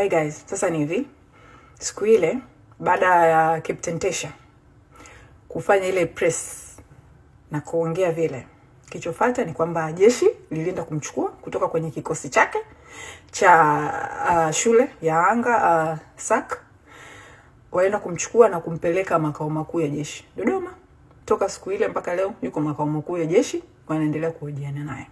Hi guys, sasa ni hivi. Siku ile baada ya Captain Tesha kufanya ile press na kuongea vile, kilichofuata ni kwamba jeshi lilienda kumchukua kutoka kwenye kikosi chake cha uh, shule ya anga uh, sak waenda kumchukua na kumpeleka makao makuu ya jeshi Dodoma. Toka siku ile mpaka leo yuko makao makuu ya jeshi, wanaendelea kuhojiana naye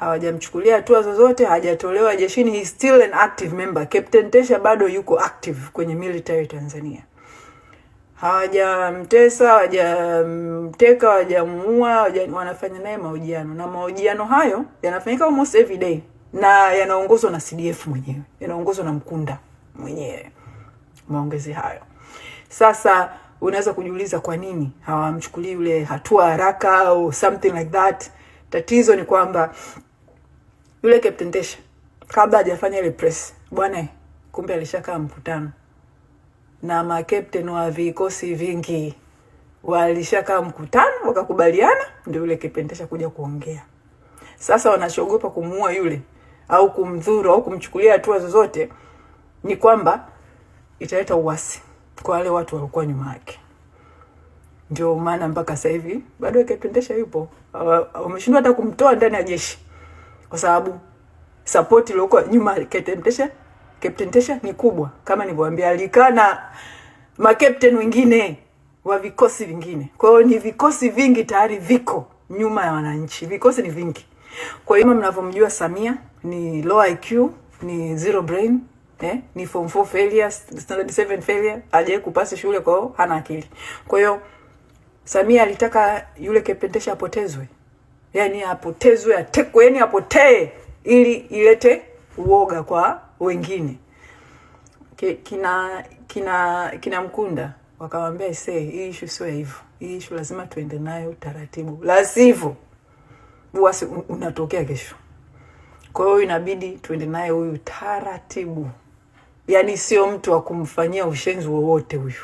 hawajamchukulia hatua zozote, hajatolewa jeshini. He still an active member. Captain Tesha bado yuko active kwenye military Tanzania. Hawajamtesa, hawajamteka, hawajamuua, wanafanya naye mahojiano, na mahojiano hayo yanafanyika almost every day na yanaongozwa na CDF mwenyewe, yanaongozwa na Mkunda mwenyewe maongezi hayo. Sasa unaweza kujiuliza kwa nini hawamchukulii yule hatua haraka au something like that. Tatizo ni kwamba yule Captain Tesha kabla hajafanya ile press, bwana, kumbe alishakaa mkutano na ma captain wa vikosi vingi walishakaa mkutano wakakubaliana, ndio yule Captain Tesha kuja kuongea. Sasa wanachogopa kumuua yule au kumdhuru au kumchukulia hatua zozote, ni kwamba italeta uasi kwa wale watu walikuwa nyuma yake. Ndio maana mpaka sasa hivi bado Captain Tesha yupo, wameshindwa hata kumtoa ndani ya jeshi kwa sababu support iliyokuwa nyuma Temptation, Captain Tesha ni kubwa, kama nilivyowaambia, alikaa na makapteni wengine wa vikosi vingine. Kwa hiyo ni vikosi vingi tayari viko nyuma ya wananchi, vikosi ni vingi. Kwa hiyo kama mnavyomjua Samia ni low IQ, ni zero brain eh, ni form 4 failure, standard 7 failure, hajawahi kupasi shule, kwa hiyo hana akili. Kwa hiyo Samia alitaka yule Captain Tesha apotezwe yani apotezwe, atekwe, yani apotee ili ilete uoga kwa wengine. Kina kina kina Mkunda wakamwambia isee, hii ishu sio hivyo, hii ishu lazima tuende nayo taratibu, la sivyo uasi unatokea kesho. Kwa hiyo inabidi tuende naye huyu taratibu, yani sio mtu wa kumfanyia ushenzi wowote huyu,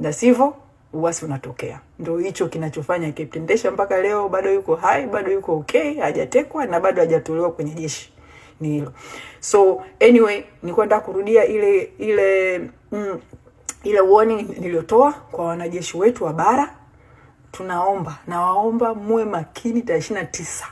la sivyo uwasi unatokea. Ndo hicho kinachofanya Captain mpaka leo bado yuko hai, bado yuko okay, hajatekwa na bado hajatolewa kwenye jeshi. Ni hilo. So anyway, ni kwenda kurudia ile ile mm, ile warning niliyotoa kwa wanajeshi wetu wa bara. Tunaomba na waomba muwe makini tarehe ishirini na tisa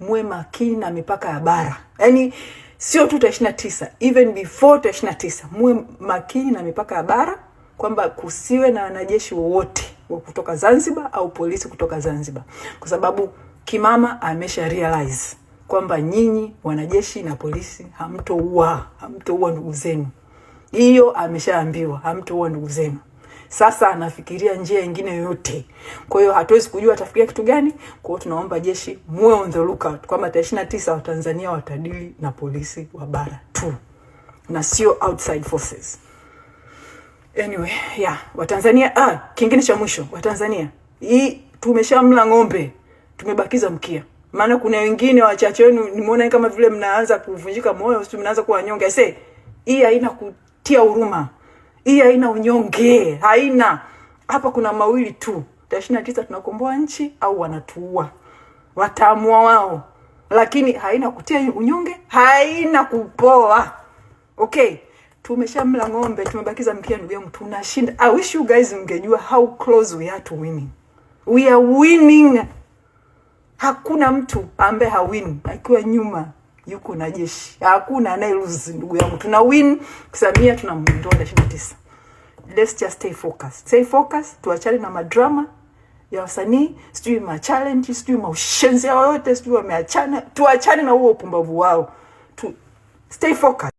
muwe makini na mipaka ya bara, yaani sio tu tarehe ishirini na tisa even before tarehe ishirini na tisa muwe makini na mipaka ya bara kwamba kusiwe na wanajeshi wowote wa kutoka Zanzibar au polisi kutoka Zanzibar, kwa sababu kimama amesha realize kwamba nyinyi wanajeshi na polisi hamtoua, hamtoua ndugu zenu. Hiyo ameshaambiwa, hamtoua ndugu zenu. Sasa anafikiria njia nyingine yoyote, kwa hiyo hatuwezi kujua atafikiria kitu gani. Kwa hiyo tunaomba jeshi muwe on the lookout kwamba tarehe 29 Watanzania watadili na polisi wa bara tu na sio outside forces. Anyway, yeah, Watanzania ah, kingine cha mwisho Watanzania, hii tumeshamla ng'ombe, tumebakiza mkia. Maana kuna wengine wachache wenu nimeona kama vile mnaanza kuvunjika moyo, sio mnaanza kuwa nyonge. Sasa hii haina kutia huruma, hii haina unyonge, haina hapa. Kuna mawili tu, tarehe tisa tunakomboa nchi au wanatuua, wataamua wao, lakini haina kutia unyonge, haina kupoa. Okay tumeshamla ng'ombe, tumebakiza mkia. Ndugu yangu, tunashinda. I wish you guys mngejua how close we are to winning. We are winning. Hakuna mtu ambaye hawini akiwa nyuma yuko na jeshi, hakuna anaye lose. Ndugu yangu, tuna win. Samia tunamwondoa ishirini na tisa. Let's just stay focused, stay focused. Tuachane na madrama ya wasanii, sijui ma challenge, sijui maushenzi yao yote, sijui wameachana. Tuachane na huo upumbavu wao tu, stay focused.